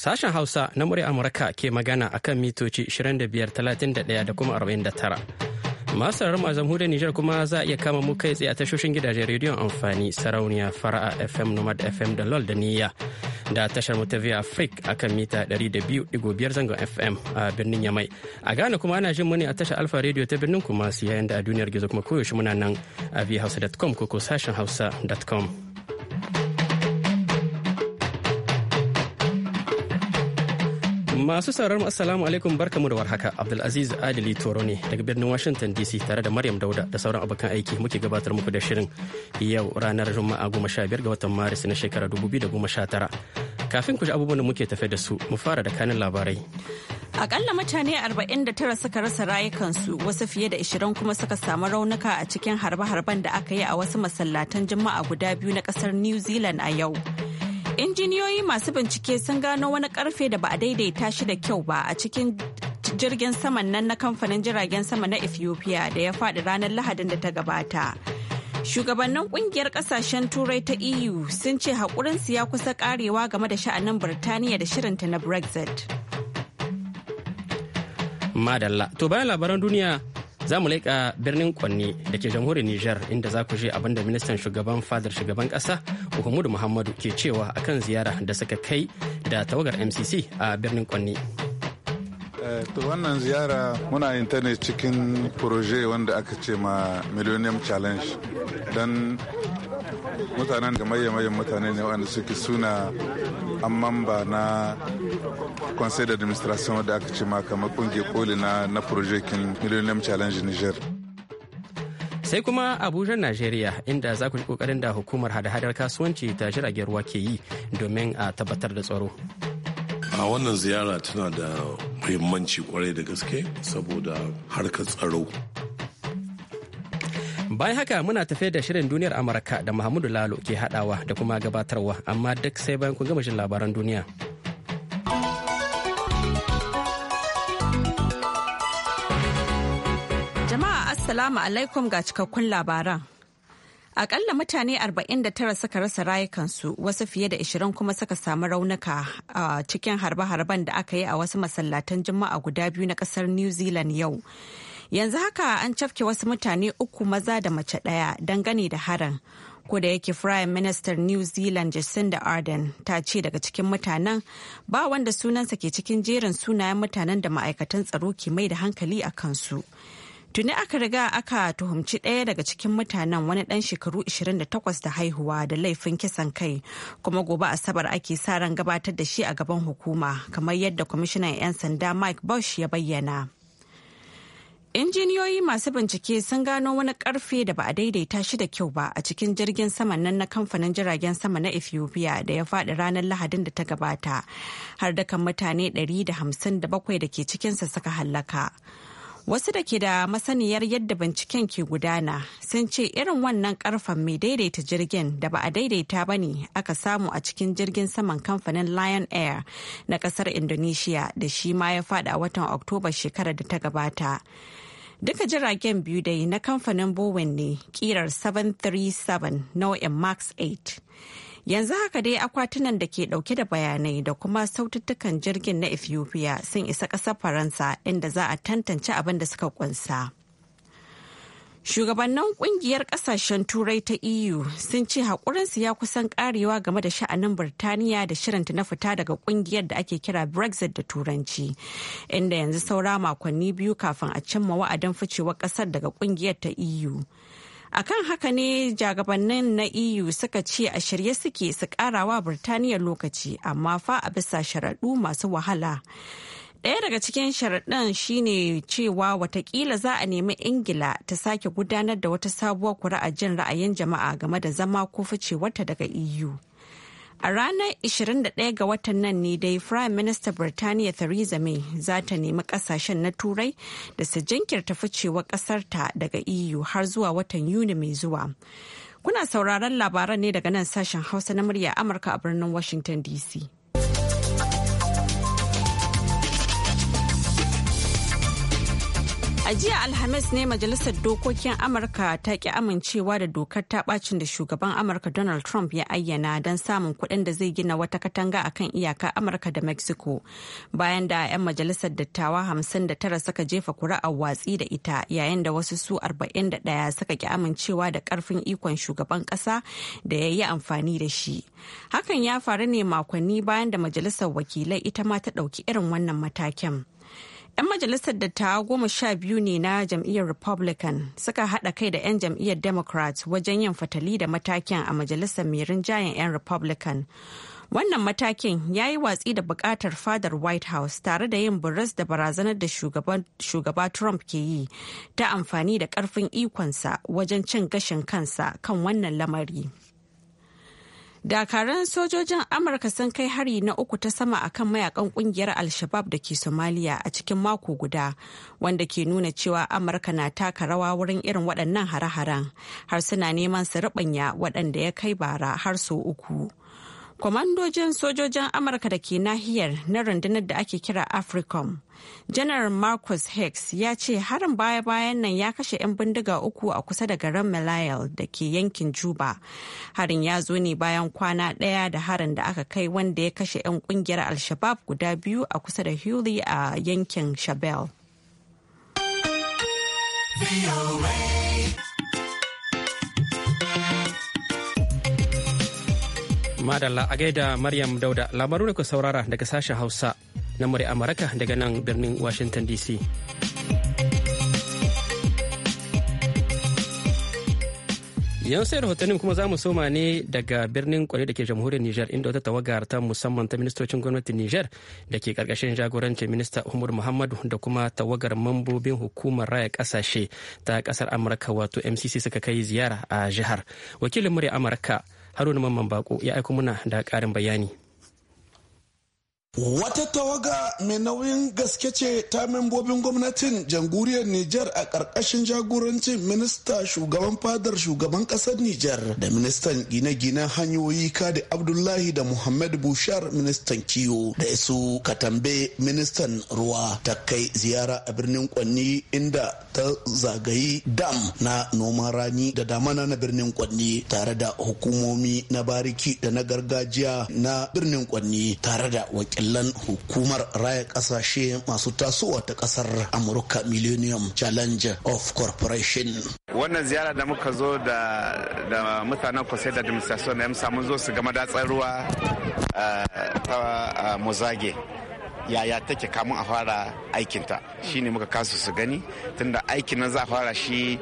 Sashen Hausa na murya Amurka ke magana a kan mitoci 25,31 da kuma 49. Masu rarrama a jamhuriyar Nijar kuma za a iya kama mu kai tsaye a tashoshin gidajen rediyon amfani sarauniya fara'a FM Nomad FM da LOL da Niyya da tashar mu ta Via a kan mita 200.5 zangon FM a birnin Yamai. A Ghana kuma ana jin muni a tashar Alfa Radio ta birnin su yayin da a duniyar gizo kuma koyaushe muna nan a vihausa.com ko ko sashen hausa.com. Masu sauraron assalamu alaikum barkamu da warhaka Abdulaziz Adili Toro ne daga birnin Washington DC tare da Maryam Dauda da sauran abokan aiki muke gabatar muku da shirin yau ranar Juma'a goma sha biyar ga watan Maris na shekara dubu biyu da goma sha tara. Kafin ku ji abubuwan da muke tafe da su mu fara da kanin labarai. Akalla mutane 49 suka rasa rayukansu wasu fiye da 20 kuma suka samu raunuka a cikin harbe-harben da aka yi a wasu masallatan Juma'a guda biyu na kasar New Zealand a yau. injiniyoyi masu bincike sun gano wani karfe da ba a daidaita shi da kyau ba a cikin jirgin saman nan na kamfanin jiragen sama na ethiopia da ya faɗi ranar lahadin da ta gabata shugabannin kungiyar kasashen turai ta eu sun ce haƙurinsu ya kusa karewa game da sha'anin birtaniya da shirinta na brexit madalla to bayan labaran duniya za mu leƙa birnin kwanne da ke jamhuriyar nijar inda za ku je abin da ministan shugaban fadar shugaban Kasa muhammadu muhammadu ke cewa akan ziyara da suka kai da tawagar mcc a birnin kwanne eh, to wannan ziyara muna yin ta ne cikin proje wanda aka ce ma millennium challenge don mutanen da mayan mutane ne waɗanda suke suna an mamba na conseil d'administration wadda aka ce ma kamar koli na na projekin millennium challenge niger sai kuma abuja najeriya inda za ku ji kokarin da hukumar hada-hadar kasuwanci ta jiragen ruwa ke yi domin a tabbatar da tsaro a wannan ziyara tana da muhimmanci kwarai da gaske saboda harkar tsaro Bayan haka muna tafe da shirin duniyar Amurka da Muhammadu Lalo ke hadawa da kuma gabatarwa amma duk sai bayan kun gama jin labaran duniya. Jama'a Assalamu alaikum ga cikakkun labaran. Akalla mutane 49 suka rasa rayukansu wasu fiye da 20 kuma suka samu raunuka a cikin harbe-harben da aka yi a wasu masallatan juma'a guda biyu na kasar New Zealand yau. yanzu haka an cafke wasu mutane uku maza da mace ɗaya dangane da harin ko da yake prime minister new zealand jacinda arden ta ce daga cikin mutanen ba wanda sunansa ke cikin jerin sunayen mutanen da ma'aikatan tsaro ke mai da hankali a kansu tuni aka riga aka tuhumci ɗaya daga cikin mutanen wani ɗan shekaru 28 da haihuwa da laifin kisan kai kuma gobe asabar ake sa ran gabatar da shi a gaban hukuma kamar yadda kwamishinan 'yan sanda mike bush ya bayyana. Injiniyoyi masu bincike sun gano wani karfe da ba a daidaita shi da kyau ba a cikin jirgin saman nan na kamfanin jiragen sama na Ethiopia da ya faɗi ranar Lahadin da ta gabata, har da kan mutane 157 da ke cikinsa suka hallaka. Wasu da ke da masaniyar yadda binciken ke gudana sun ce irin wannan karfen mai daidaita jirgin da ba a daidaita ba ne aka samu a cikin jirgin saman kamfanin Lion Air na kasar Indonesia da shi ma ya faɗi a watan Oktoba shekarar da ta gabata. Duka jiragen biyu dai na kamfanin Bowen ne kirar 737 nau'in Max 8. Yanzu haka dai akwatunan da ke dauke da bayanai da kuma saututtukan jirgin na Ethiopia sun isa ƙasar Faransa inda za a tantance abin da suka ƙunsa. Shugabannin kungiyar kasashen turai ta EU sun ce haƙurinsu ya kusan karewa game da sha'anin Birtaniya da shirinta na fita daga kungiyar da ake kira Brexit da Turanci, inda yanzu saura makonni biyu kafin a cimma wa'adin ficewar ƙasar daga kungiyar ta EU. A kan haka ne jagabannin na eu suka ce a shirye suke su karawa birtaniya lokaci amma fa a bisa sharaɗu masu wahala Ɗaya daga cikin sharaɗin shine cewa watakila za a nemi Ingila ta sake gudanar da wata sabuwar kuri'a jin ra'ayin jama'a game da zama ko ficewarta daga EU. A ranar 21 ga watan nan ne dai Prime Minister Birtaniya Theresa May za ta nemi kasashen na Turai da su jinkirta ficewar ƙasarta daga EU har zuwa watan Yuni mai zuwa. Kuna sauraron labaran ne daga nan sashen Hausa na murya Amurka a birnin Washington DC. A jiya Alhamis ne Majalisar Dokokin Amurka ta ki amincewa da dokar ta bacin da shugaban Amurka Donald Trump ya ayyana don samun kuɗin da zai gina wata katanga a kan iyaka Amurka da Mexico bayan da 'yan majalisar dattawa hamsin da tara suka jefa kuri'ar watsi da ita yayin da wasu su arba'in da 41 suka ki amincewa da karfin ikon shugaban ƙasa da ya yi amfani da shi. Hakan ya faru ne makonni bayan da Majalisar Wakilai ita ma ta ɗauki irin wannan matakin. 'Yan majalisar dattawa goma sha biyu ne na jam'iyyar Republican suka haɗa kai da 'yan jam'iyyar Democrat wajen yin fatali da matakin a majalisar mai rinjayen 'yan Republican. Wannan matakin ya yi watsi da bukatar fadar White House tare da yin buris da barazanar da shugaba Trump ke yi ta amfani da ƙarfin ikonsa wajen cin gashin kansa kan wannan lamari. Dakaran sojojin Amurka sun kai hari na uku ta sama akan mayakan kungiyar Al-Shabab da ke Somalia a cikin mako guda, wanda ke nuna cewa Amurka na taka rawa wurin irin waɗannan hare-haren, har suna neman su riɓanya waɗanda ya kai bara har sau uku. kwamandojin sojojin amurka da ke nahiyar na rundunar da ake kira africom janar marcus hicks ya ce harin baya-bayan nan ya kashe 'yan bindiga uku a kusa da garin malayal da ke yankin juba harin ya zo ne bayan kwana ɗaya da harin da aka kai wanda ya kashe 'yan kungiyar al-shabab guda biyu a kusa da huli a yankin shabelle Madalla a gaida Maryam Dauda labaru da ku saurara daga sashen Hausa na murya Amurka daga nan birnin Washington DC. yan sai rahotannin kuma za mu soma ne daga birnin kwarai da ke jamhuriyar Nijar inda wata tawagar ta musamman ta ministocin gwamnatin Nijar da ke karkashin jagorancin minista Umar Muhammadu da kuma tawagar mambobin hukumar raya kasashe ta kasar Amurka wato MCC suka kai ziyara a jihar. Wakilin murya Amurka haruna mamman bako ya aiko muna da ƙarin bayani Wata tawaga mai nauyin gaske ce ta membobin gwamnatin jamhuriyar Nijar a ƙarƙashin jagorancin minista shugaban fadar shugaban ƙasar Nijar da ministan gine-ginen hanyoyi Kadi Abdullahi da Muhammad Bushar ministan kiwo da isu Katambe ministan ruwa ta kai ziyara a birnin Kwanni inda ta zagayi dam na noman rani da damana na birnin Kwanni tare da hukumomi na bariki da na gargajiya na birnin Kwanni tare da wakil Kallon hukumar raya kasashe masu tasowa ta kasar amurka millennium challenge of corporation wannan ziyara da muka zo da mutanen kwasai da administration na yamsa mun zo su gama datsar ruwa eh, ta eh, mozage yaya take kamun a fara aikinta Shi shine muka kasu su gani tunda aikin nan za a fara shi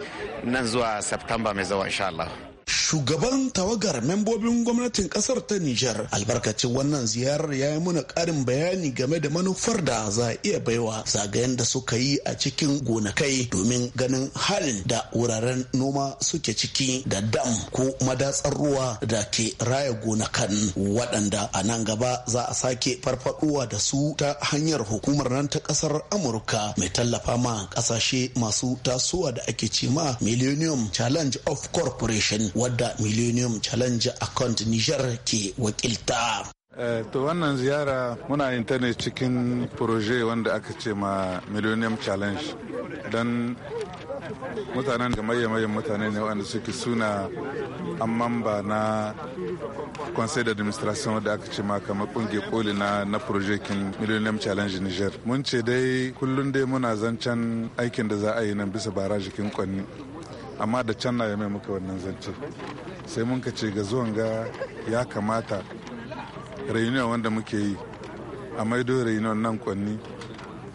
nan zuwa september mai zawa insha Allah. shugaban tawagar membobin gwamnatin kasar ta Nijar albarkacin wannan ziyarar ya yi muna karin bayani game da manufar da za a iya baiwa zagayen da suka yi a cikin gonakai domin ganin halin da wuraren noma suke ciki da dam ko madatsar ruwa da ke raya gonakan waɗanda a nan gaba za a sake farfaɗowa da su ta hanyar hukumar nan ta ƙasar Amurka mai tallafa ma kasashe masu tasowa da ake ce ma Millennium Challenge of Corporation wadda millennium challenge account niger ke wakilta eh, to wannan ziyara muna yin ta ne cikin proje wanda aka ce ma millennium challenge don mutanen da mayan mutane ne wanda suke suna amman ba na conseil d'administration wadda aka ce ma kamar kungiyar koli na na projekin millennium challenge niger mun ce dai kullum dai muna zancen aikin da za a yi nan bisa bara jikin kwanni amma da can na ya mai muka wannan zance sai mun ka ce ga zuwan ga ya kamata reunion wanda muke yi a maido reunion nan kwanni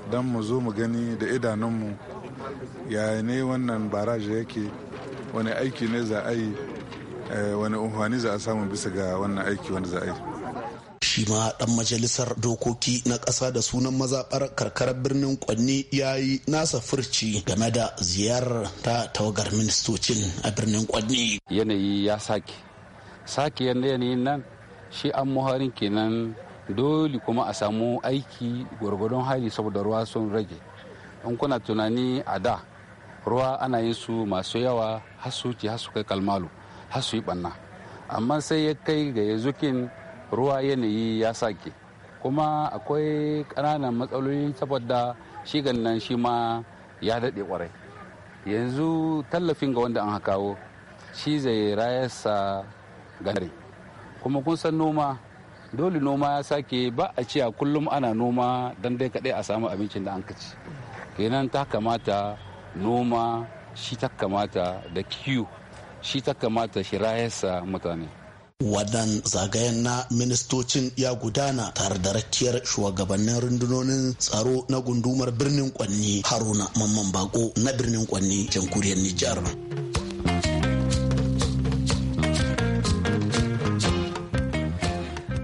don mu zo mu gani da idanunmu ya ne wannan baraj yake wani aiki ne za a yi eh, wani umarni za a samu bisa ga wannan aiki wanda za a yi shi ma dan majalisar dokoki na ƙasa da sunan mazaɓar karkarar birnin kwanni ya yi nasa furci game da ziyarar ta tawagar ministocin a birnin kwanni yanayi ya sake sake yanayin nan shi an muharin kenan dole kuma a samu aiki gwargwadon hali saboda ruwa sun rage in kuna tunani a da ruwa ana yin su masu yawa har su kai kalmalu har su yi banna amma sai ya kai ga yazukin ruwa yanayi ya sake kuma akwai ƙananan matsaloli saboda shi nan shi ma ya daɗe ƙwarai yanzu tallafin ga wanda an kawo shi zai rayarsa gare kuma kun san noma dole noma ya sake ba a cewa kullum ana noma don dai kaɗai a samu abincin da an kaci kenan ta kamata noma shi ta kamata da kiyu shi ta kamata shi rayarsa mutane wadan zagayen na ministocin ya gudana tare da rakiyar shugabannin rundunonin tsaro na gundumar birnin kwanni haruna mamman bako na birnin kwanni jamhuriyar nijar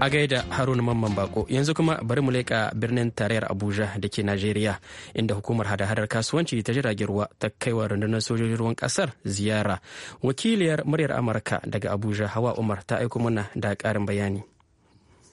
a gaida haruna mamman bako yanzu kuma bari mu leƙa birnin tarayyar abuja da ke najeriya inda hukumar hada-hadar kasuwanci ta jirage ruwa ta kai wa rundunar sojojin ruwan kasar ziyara wakiliyar muryar amurka daga abuja hawa umar ta aiko mana da ƙarin bayani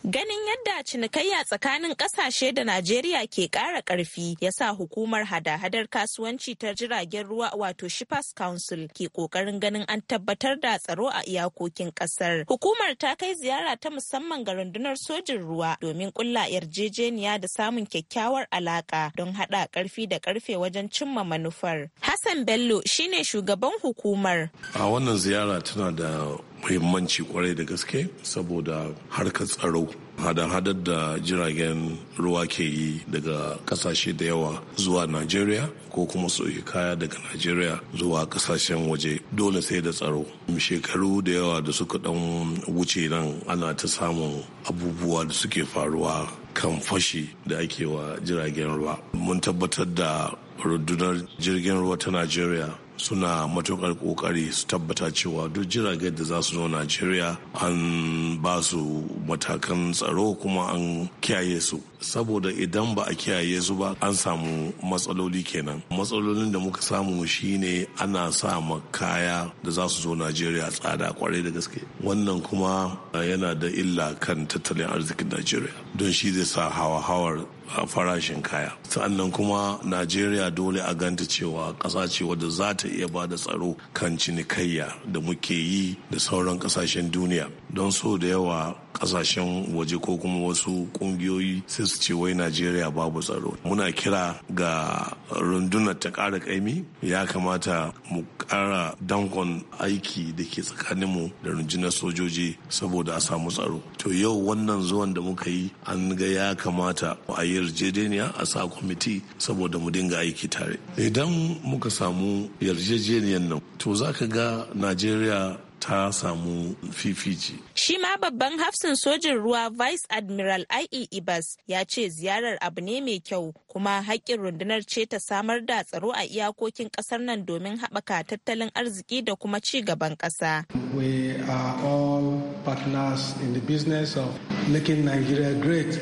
Ganin yadda cinikayya tsakanin kasashe da Najeriya ke ƙara ƙarfi ya sa hukumar hada-hadar kasuwanci ta jiragen ruwa wato Shippers Council ke ƙoƙarin ganin an tabbatar da tsaro a iyakokin ƙasar. Hukumar ta kai ziyara ta musamman ga rundunar sojin ruwa domin ƙulla yarjejeniya da samun kyakkyawar alaƙa don haɗa ƙarfi da ƙarfe wajen cimma manufar. Hassan Bello shine shugaban hukumar. A wannan ziyara tana da muhimmanci kwarai da gaske saboda harkar tsaro hada-hadar da jiragen ruwa ke yi daga kasashe da yawa zuwa nigeria ko kuma soke kaya daga nigeria zuwa kasashen waje dole sai da tsaro. Shekaru da yawa da suka dan wuce nan ana ta samun abubuwa da suke faruwa kan fashi da ake wa jiragen ruwa. Mun tabbatar da rundunar jirgin ruwa ta nigeria. suna matukar ƙoƙari su tabbata cewa duk jiragen da za su zo najeriya an ba su matakan tsaro kuma an kiyaye su saboda idan ba a kiyaye su ba an samu matsaloli kenan matsalolin da muka samu shine ana sa ma kaya da za su zo najeriya tsada kwarai da gaske wannan kuma yana da illa kan tattalin arzikin najeriya don shi zai sa hawa-hawar a farashin kaya sannan kuma najeriya dole a ganta cewa ƙasa ce wadda za ta iya ba da tsaro kan cinikayya da muke yi da sauran ƙasashen duniya don so da yawa kasashen waje ko kuma wasu kungiyoyi sai su ce wai najeriya babu tsaro muna kira ga rundunar ta ƙara ƙaimi ya kamata mu ƙara dankon aiki da ke tsakaninmu da rundunar sojoji saboda a samu tsaro to yau wannan zuwan da muka yi an ga ya kamata a yi yarjejeniya a sa kwamiti saboda mu dinga aiki tare idan muka samu yarjejeniyan nan to za ka ga najeriya ta samu fifici. Shi ma babban hafsin sojin ruwa Vice Admiral I.E. Ibas ya ce ziyarar abu ne mai kyau kuma haƙƙin rundunar ce ta samar da tsaro a iyakokin ƙasar nan domin haɓaka tattalin arziki da kuma ci gaban ƙasa. We are all partners in the business of making Nigeria great.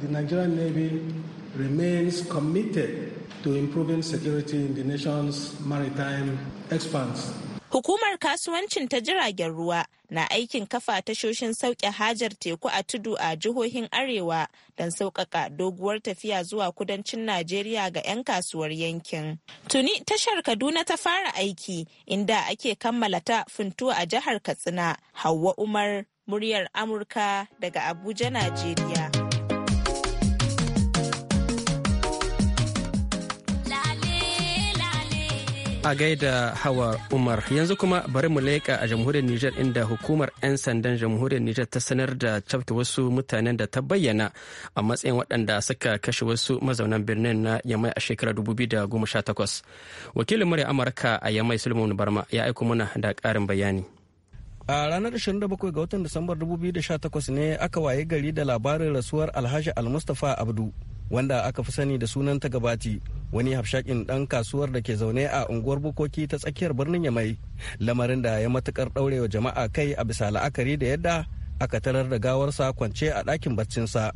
The Nigerian Navy remains committed to improving security in the nation's maritime expanse. Hukumar kasuwancin ta jiragen ruwa na aikin kafa tashoshin sauke hajar teku a tudu a jihohin Arewa don sauƙaƙa doguwar tafiya zuwa kudancin Najeriya ga 'yan kasuwar yankin. Tuni tashar Kaduna ta fara aiki inda ake kammala ta funtu a jihar Katsina. Hauwa Umar, muryar Amurka daga Abuja, Najeriya. a gaida hawa umar yanzu kuma bari mu leƙa a jamhuriyar niger inda hukumar 'yan sandan jamhuriyar niger ta sanar da cafta wasu mutanen da ta bayyana a matsayin waɗanda suka kashe wasu mazaunan birnin na yamai a shekarar 2018 wakilin murya amurka a yamai sulmanu barma ya aiko mana da ƙarin bayani a ranar 27 ga watan disambar 2018 ne aka waye gari da labarin rasuwar alhaji almustapha abdu wanda aka fi sani da sunan ta tagabati wani hafshakin dan kasuwar da ke zaune a unguwar bukoki ta tsakiyar birnin yamai lamarin da ya matukar daurewa jama'a kai a bisa la'akari da yadda aka tarar da gawarsa kwance a ɗakin baccinsa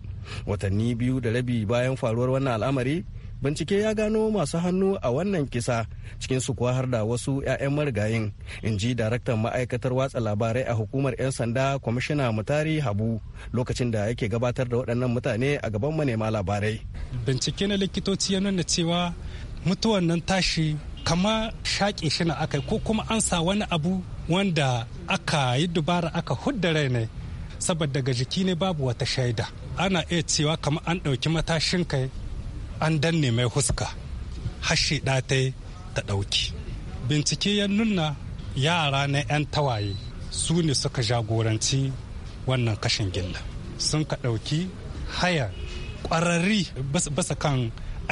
watanni biyu da rabi bayan faruwar wannan al'amari bincike ya gano masu hannu a wannan kisa cikin su kuwa har da wasu 'ya'yan marigayin in ji daraktan ma'aikatar watsa labarai a hukumar 'yan sanda kwamishina mutari habu lokacin da yake gabatar da waɗannan mutane a gaban manema labarai bincike na likitoci ya nuna cewa mutuwan nan tashi kama shaƙe shi na aka ko kuma an sa wani abu wanda aka yi dubara aka hudda rai ne saboda daga jiki ne babu wata shaida ana iya cewa kama an ɗauki matashin kai an danne mai huska hashe ɗata ta ɗauki bincike ya nuna yara na 'yan tawaye su ne suka jagoranci wannan kashin gilla sun ka ɗauki haya ƙwararri basa kan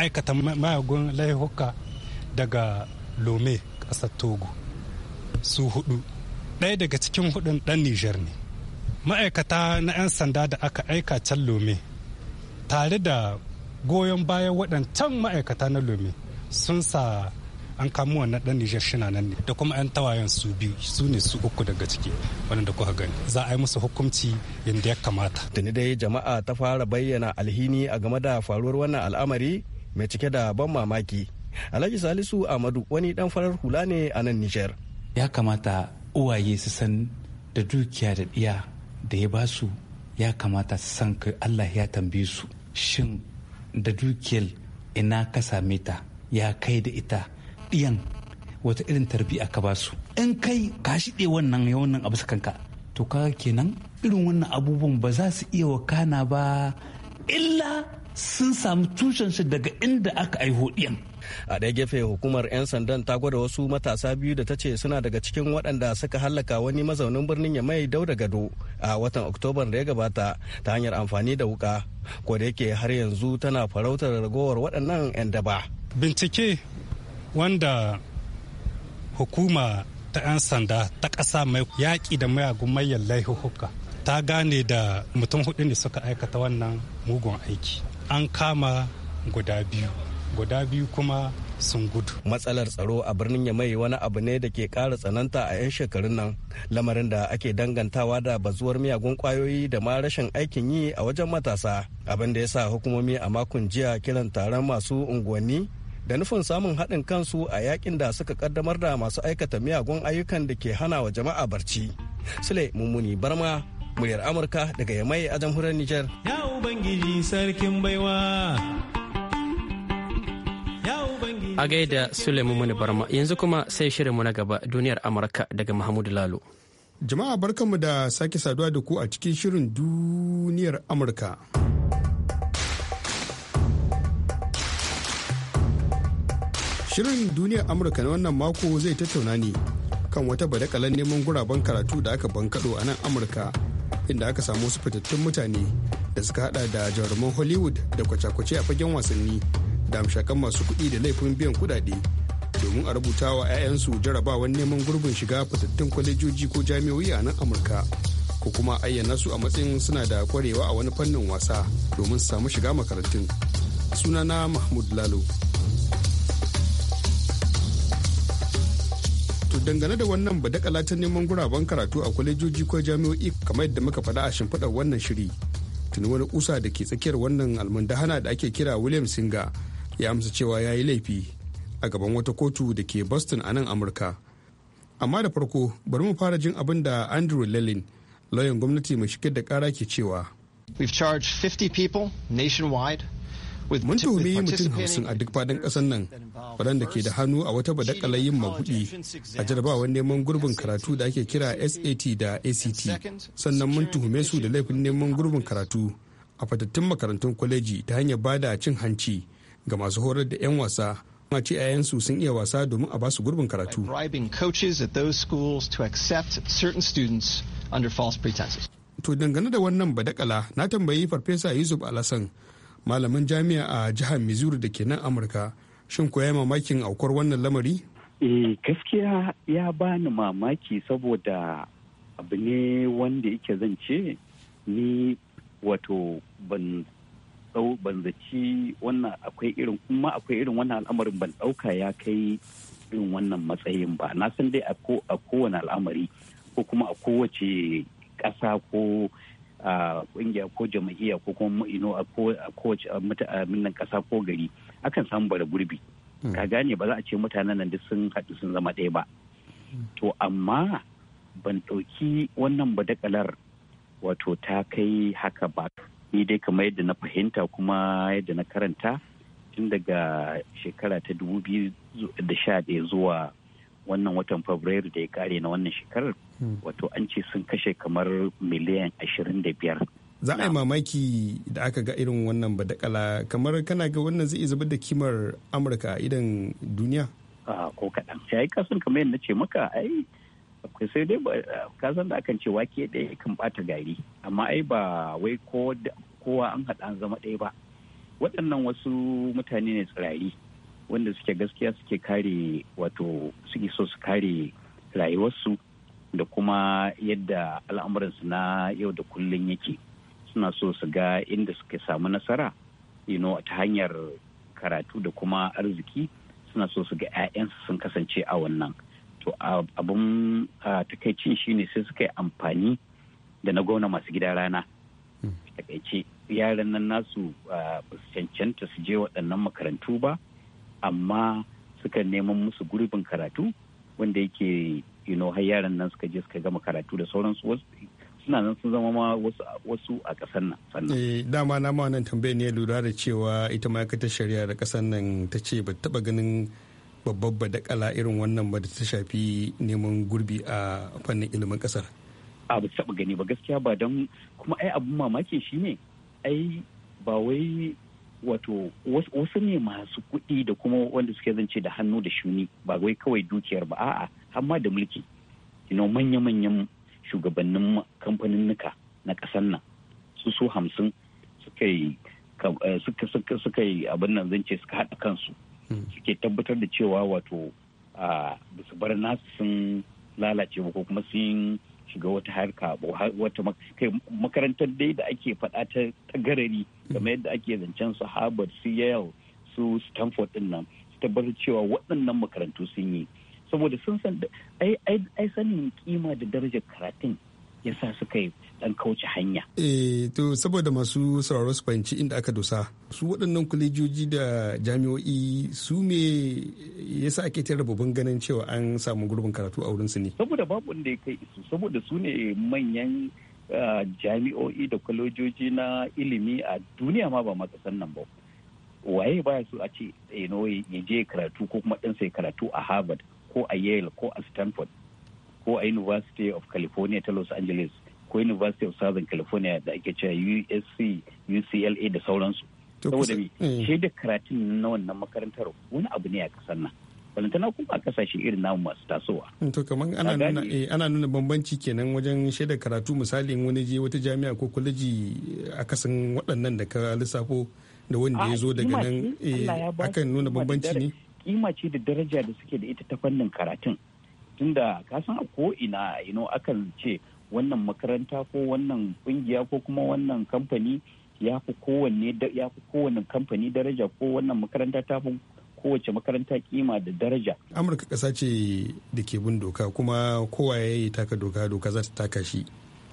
aikata mayagun laihuka daga lome ƙasar togo su hudu ɗaya daga cikin hudun ɗan nijar ne ma'aikata na 'yan sanda da aka aika can lome tare da goyon bayan waɗancan ma'aikata na lomi sun sa an kamu wannan dan Nijar shina nan ne da kuma 'yan tawayen su biyu su ne su uku daga ciki wanda kuka gani za a yi musu hukunci yadda ya kamata. Tuni dai jama'a ta fara bayyana alhini a game da faruwar wannan al'amari mai cike da ban mamaki. Alhaji Salisu amadu wani dan farar hula ne a nan Nijar. Ya kamata uwaye su san da dukiya da ɗiya da ya basu ya kamata su san Allah ya tambaye su shin da dukiyar ina ka same ta ya kai da ita ɗiyan wata irin tarbiyya ka su in kai ka shiɗe wannan yawan abu kanka to kaga kenan irin wannan abubuwan ba za su iya wakana ba illa sun samu tushensu daga inda aka aiho ɗiyan a ɗaya gefe hukumar 'yan sandan ta gwada wasu matasa biyu da ta ce suna daga cikin waɗanda suka hallaka wani mazaunin birnin yamai dauda gado a watan oktoban da ya gabata ta hanyar amfani da wuka ko da yake har yanzu tana farautar ragowar waɗannan 'yan daba bincike wanda hukuma ta 'yan sanda ta ƙasa mai yaƙi da mayagun mayan laihuhuka ta gane da mutum hudu ne suka aikata wannan mugun aiki an kama guda biyu guda biyu kuma sun gudu. Matsalar tsaro a birnin Yamai wani abu ne da ke ƙara tsananta a 'yan shekarun nan lamarin da ake dangantawa da bazuwar miyagun kwayoyi da ma rashin aikin yi a wajen matasa abin da ya sa hukumomi a makon jiya kiran taron masu unguwanni da nufin samun haɗin kansu a yakin da suka kaddamar da masu aikata miyagun ayyukan da ke hana wa jama'a barci. Sule Mummuni Barma muryar Amurka daga Yamai a jamhuriyar Nijar. Ya Ubangiji sarkin baiwa A gaida sulaimu Muni Barma yanzu kuma sai shirinmu na gaba duniyar Amurka daga mahmudu Lalo. Jama'a barkanmu da sake saduwa da ku a cikin shirin duniyar Amurka. Shirin duniyar Amurka na wannan mako zai tattauna ne kan wata badakalan neman guraben karatu da aka bankado a nan Amurka inda aka samu wasu fitattun mutane da suka hada da jaruman Hollywood da kwace-kwace a fagen wasanni. damshakan masu kuɗi da laifin biyan kuɗaɗe domin a rubuta wa 'ya'yansu jarabawan neman gurbin shiga fitattun kwalejoji ko jami'o'i a nan amurka ko kuma ayyana su a matsayin suna da kwarewa a wani fannin wasa domin su samu shiga makarantun sunana mahmud lalo to dangane da wannan ba badakala ta neman guraben karatu a kwalejoji ko jami'o'i kamar yadda muka faɗa a shimfiɗar wannan shiri tuni wani kusa da ke tsakiyar wannan almundahana da ake kira william singa ya amsa cewa ya yi laifi a gaban wata kotu da ke boston a nan amurka amma da farko bari mu fara jin abin da andrew lelin lauyan gwamnati mai shigar da kara ke cewa mun tuhumi mutum hamsin a duk fadin ƙasar nan waɗanda ke da hannu a wata badakala yin maguɗi a jarabawar neman gurbin karatu da ake kira sat da act sannan mun tuhume su da laifin neman gurbin karatu a fatattun makarantun kwaleji ta hanyar bada cin hanci ga masu horar da 'yan wasa kuma ce 'ya'yansu sun iya wasa domin a basu gurbin karatu. To dangane da wannan badakala na tambayi Farfesa Yusuf Alasan malamin jami'a a jihar Missouri da ke nan Amurka shin ko mamakin aukuwar wannan lamari? Eh gaskiya ya bani mamaki saboda abu ne wanda yake zan ce ni wato ban dau ban zaci wannan akwai irin kuma akwai irin wannan al'amarin ban ɗauka ya kai irin wannan matsayin ba na san dai a kowane al'amari ko kuma a kowace ƙasa ko ƙungiya ko jama'iyya ko kuma ino a kowace mutanen ƙasa ko gari akan samu bara gurbi hmm. ka gane ba za a ce mutanen nan duk sun haɗu sun zama ɗaya ba hmm. to amma ban ɗauki wannan badakalar wato ta kai haka ba ni dai kamar yadda na fahimta kuma yadda na karanta tun daga shekara ta 2011 zuwa wannan watan fabrairu da ya kare na wannan shekarar hmm. wato an ce sun kashe kamar miliyan 25 za a yi mamaki da aka ga irin wannan badakala kamar kana ga wannan zai zubar da kimar amurka idan duniya ah, ko kaɗan sai kasan kamar yadda na ce maka ai sai dai ka san da akan ce wake ɗaya kan bata gari amma ai ba wai kowa an haɗa an zama ɗaya ba waɗannan wasu mutane ne tsirari wanda suke gaskiya suke kare wato suke so su kare rayuwarsu da kuma yadda al'amuransu na yau da kullum yake suna so su ga inda suke samu nasara you ta hanyar karatu da kuma arziki suna so su ga 'ya'yansu sun kasance a wannan to abun takaicin shine sai suka yi amfani da na gwamna masu gida rana hmm. takaice yaran nan nasu ba su cancanta su je waɗannan makarantu ba amma suka neman musu gurbin karatu wanda yake you know har yaran nan suka je suka gama karatu da sauransu suna nan sun zama ma wasu a ƙasar nan sannan. Eh, dama na ma wannan tambayar ne lura da cewa ita ma'aikatar shari'a da ƙasar nan ta ce ba taɓa ganin babbar badakala irin wannan ba da ta shafi neman gurbi a fannin ilimin kasar a ba taba gani ba gaskiya ba don kuma ai abun mamaki shi ne ai ba wai wato wasu ne masu kuɗi da kuma wanda suke zance da hannu da shuni ba wai kawai dukiyar ba a'a ma da mulki ino manya-manyan shugabannin kamfanin nuka na ƙasar nan su su hamsin suka yi eh, abin nan zance suka haɗa kansu suke tabbatar da cewa wato a su bar nasu sun lalace ba ko kuma sun shiga wata harka wata makarantar dai da ake faɗa ta garari game yadda ake zancen su harvard su yale su stanford din nan su tabbatar cewa waɗannan makarantu sun yi saboda sun san ai sanin kima da darajar karatun ya sa suka yi dan kauce hanya. Eh to saboda masu sauraro su fahimci inda aka dosa su waɗannan kwalejoji da jami'o'i su me ya sa ake tare babban ganin cewa an samu gurbin karatu a wurin su ne. Saboda babu wanda ya kai su saboda su ne manyan eh, jami'o'i da kwalejoji na ilimi a duniya ma ba ma nan ba. waye baya su a ce eh, ya je karatu ko kuma ɗansa ya karatu a harvard ko a yale ko a stanford ko a university of california ta los angeles ko university of southern california da ake cewa usc ucla da sauransu saboda me eh. shi da karatun na wannan makarantar wani abu ne a kasar nan balantana kuma a kasashe irin namu masu tasowa. Mm, to kamar eh, ana nuna bambanci kenan wajen shaidar karatu misali wani je wata jami'a ko kwaleji a kasan waɗannan da ka lissafo da wanda ya zo daga nan eh, akan nuna bambanci ne. kima ce da daraja da suke da ita ta fannin karatun tunda ka san a ko ina ino akan ce wannan makaranta ko wannan kungiya ko kuma wannan kamfani ya fi kowanne ya fi kowanne kamfani daraja ko wannan makaranta ta fi kowace makaranta kima da daraja. Amurka kasa ce da ke bin doka kuma kowa ya yi taka doka doka za ta taka shi.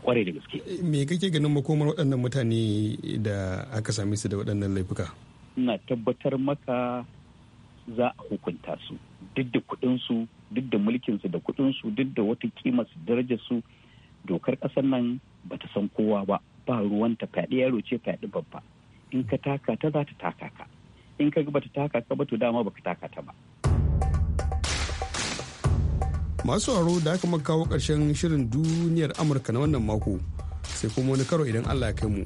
Kwarai da gaske. Me kake ganin makomar waɗannan mutane da aka same su da waɗannan laifuka? Ina tabbatar maka za a hukunta su duk da kuɗinsu duk da mulkinsu da kudinsu duk da wata daraja su dokar kasar nan ba ta san kowa ba ba ta fyaɗe yaro ce fyaɗe babba in ka taka ta za ta taka ka in ka ba ta taka ka ba to dama ba ka taka ta ba. masu aro da aka kawo ƙarshen shirin duniyar amurka na wannan mako sai kuma wani karo idan allah ya kai mu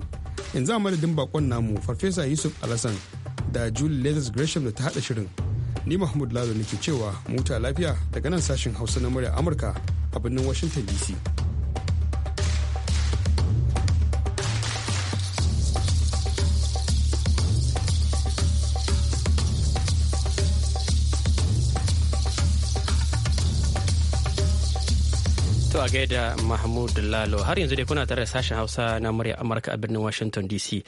yanzu a madadin bakon namu farfesa yusuf alasan da julie leathers gresham da ta hada shirin ni mahmud lalo nake cewa muta lafiya daga nan sashen hausa na murya amurka a birnin washington dc a gaida Mahmud Lalo har yanzu dai kuna tare da sashen Hausa na murya Amurka a birnin Washington DC.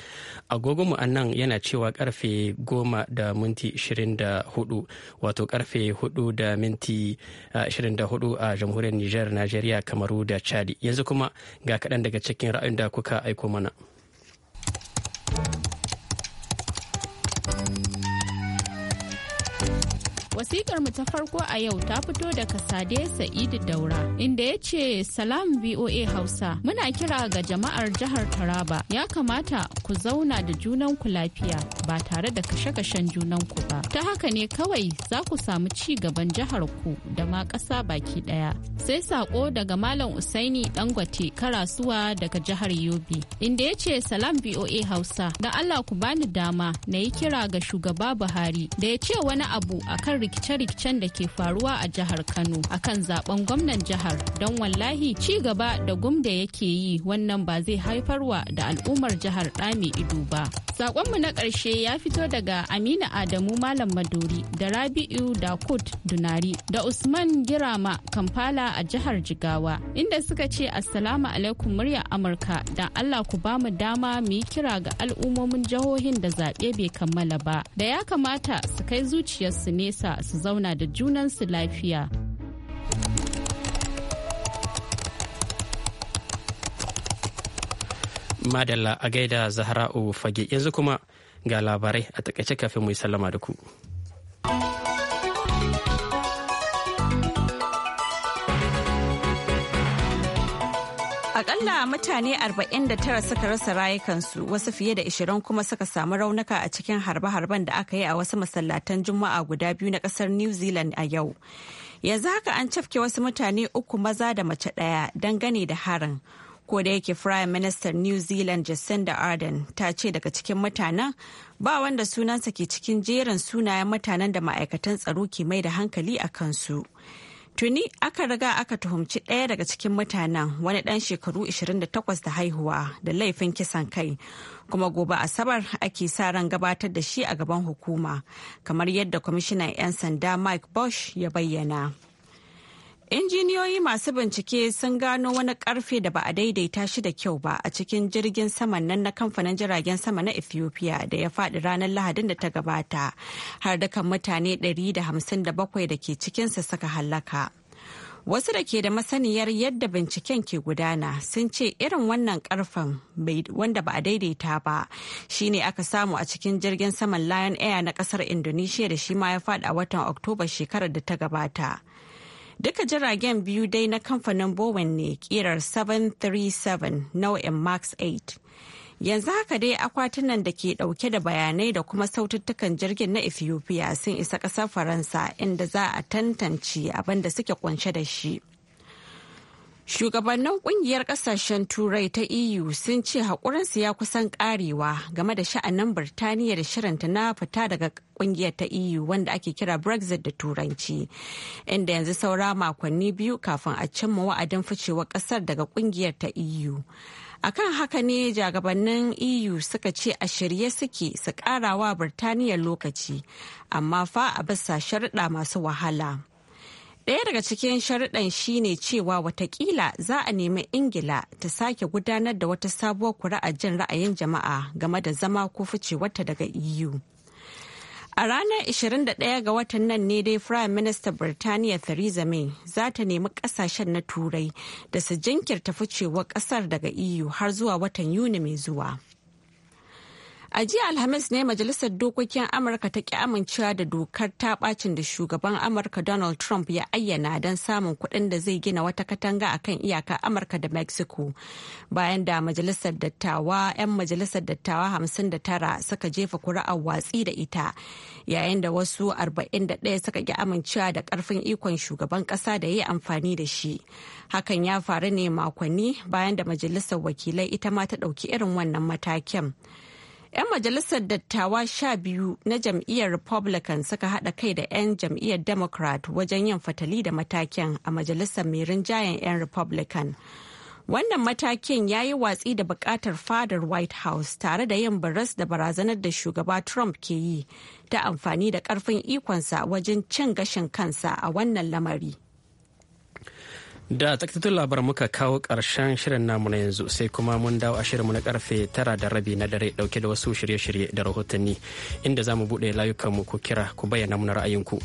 Agogonmu a nan yana cewa karfe goma da minti 24 wato karfe 4 da minti 24 ah, a jamhuriyar Nijar, Najeriya, Kamaru da Chadi. Yanzu kuma ga kaɗan daga cikin ra'ayin da kuka aiko mana. Wasikar mu ta farko a yau ta fito daga Sade Sa'idu Daura inda ya ce Salam VOA Hausa muna kira ga jama'ar jihar Taraba ya kamata ku zauna da junan ku lafiya ba tare da kashe-kashen junan ku ba. Ta haka ne kawai za ku samu ci gaban jihar ku da ma ƙasa baki ɗaya. Sai sako daga Malam Usaini Dangote Karasuwa daga jihar Yobe inda ya ce Salam VOA Hausa da Allah ku bani dama na yi kira ga shugaba Buhari da ya ce wani abu akan rikice-rikicen da ke faruwa a jihar Kano a kan zaben gwamnan jihar don wallahi ci gaba da gumda yake yi wannan ba zai haifarwa da al'ummar jihar Dami ido ba. Saƙonmu na ƙarshe ya fito daga Aminu Adamu Malam Maduri da Rabi'u Dakut Dunari da Usman Girama Kampala a jihar Jigawa inda suka ce Assalamu alaikum murya Amurka da Allah ku ba mu dama mu yi kira ga al'ummomin jihohin da zaɓe bai kammala ba da ya kamata su kai zuciyarsu nesa su zauna da junansu lafiya. Madalla a gaida Zahra'u fage yanzu kuma ga labarai a takaice kafin mu yi sallama da ku. Akalla mutane 49 suka rasa rayukansu wasu fiye da 20 kuma suka samu raunuka a cikin harbe-harben da aka yi a wasu masallatan Juma'a guda biyu na kasar New Zealand a yau. Yanzu haka an cafke wasu mutane uku maza da mace ɗaya dangane da harin. ko da yake prime minister new zealand jacinda ardern ta ce daga cikin mutanen ba wanda sunansa ke cikin jerin sunayen mutanen da ma'aikatan tsaro ke mai da hankali a kansu. Tuni aka riga aka tuhumci ɗaya daga cikin mutanen wani ɗan shekaru 28 da haihuwa da laifin kisan kai kuma gobe asabar ake sa ran gabatar da shi a gaban hukuma kamar yadda kwamishinan 'yan sanda Mike Bush ya bayyana. Injiniyoyi masu bincike sun gano wani karfe da ba a daidaita shi da kyau ba a cikin jirgin saman nan na kamfanin jiragen sama na Ethiopia da ya faɗi ranar Lahadin da ta gabata har da kan mutane 157 da ke cikinsa suka hallaka. Wasu da ke da masaniyar yadda binciken ke gudana sun ce irin wannan karfen wanda ba a daidaita ba Shi ne aka samu a cikin jirgin saman Lion Air na kasar Indonesia da shi ma ya faɗi a watan Oktoba shekarar da ta gabata. Duka jiragen biyu dai na kamfanin Bowen ne kirar 737 nau'in Max 8. Yanzu haka dai akwatunan da ke dauke da bayanai da kuma saututtukan jirgin na Ethiopia sun isa ƙasar Faransa inda za a tantance abin da suke kunshe da shi. Shugabannin kungiyar kasashen Turai ta EU sun ce haƙurinsu ya kusan ƙarewa game da sha'anin Birtaniya da shirinta na fita daga kungiyar ta EU wanda ake kira Brexit da Turanci, inda yanzu saura makonni biyu kafin a cimma wa'adin ficewa ƙasar daga kungiyar ta EU. akan haka ne jagabannin eu suka ce a shirye suke su karawa birtaniya lokaci amma fa a bisa sharuɗa masu wahala daya daga cikin sharuɗan shine cewa watakila za a nemi Ingila ta sake gudanar da wata sabuwar a jin ra'ayin jama'a game da zama ko ficewarta daga EU. A ranar 21 ga watan nan ne dai Prime Minister Birtaniya Theresa May za ta nemi kasashen na Turai da su jinkirta ficewar kasar daga EU har zuwa watan Yuni mai zuwa. A jiya Alhamis ne Majalisar Dokokin Amurka ta ki amincewa da dokar ta bacin da shugaban Amurka Donald Trump ya ayyana don samun kuɗin da zai gina wata katanga a kan iyakar Amurka da Mexico. Bayan da Majalisar Dattawa 'yan Majalisar Dattawa 59 suka jefa kuri'ar watsi da ita, yayin da wasu 41 suka ki amincewa da ƙarfin ikon shugaban ƙasa da ya yi amfani da shi. Hakan ya faru ne makonni bayan da Majalisar Wakilai ita ma ta ɗauki irin wannan matakin. 'Yan majalisar dattawa sha biyu na jam'iyyar Republican suka haɗa kai da 'yan jam'iyyar Democrat wajen yin fatali da matakin a majalisar mai rinjayen 'yan Republican. Wannan matakin ya yi watsi da buƙatar fadar White House tare da yin baras da barazanar da shugaba Trump ke yi ta amfani da karfin ikonsa wajen cin gashin kansa a wannan lamari. Da takaitattun labaran muka kawo ƙarshen shirin namu na yanzu sai kuma mun dawo a shirinmu na karfe tara da rabi na dare ɗauke da wasu shirye-shirye da rahotanni inda za mu buɗe layukanmu ku kira ku bayyana muna ra'ayinku.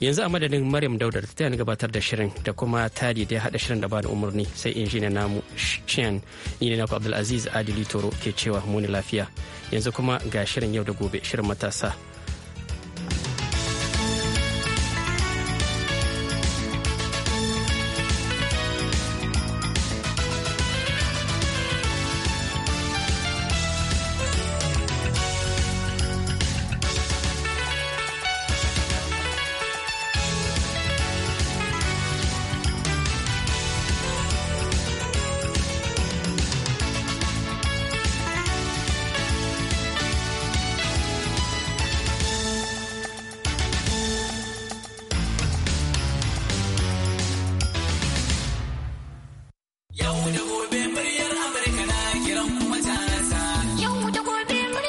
Yanzu a madadin Maryam Dauda ta ni gabatar da shirin da kuma tadi da ya haɗa shirin da ba da umarni sai injiniya namu Shen ni ne naku Abdulaziz Adili Toro ke cewa muni lafiya. Yanzu kuma ga shirin yau da gobe shirin matasa.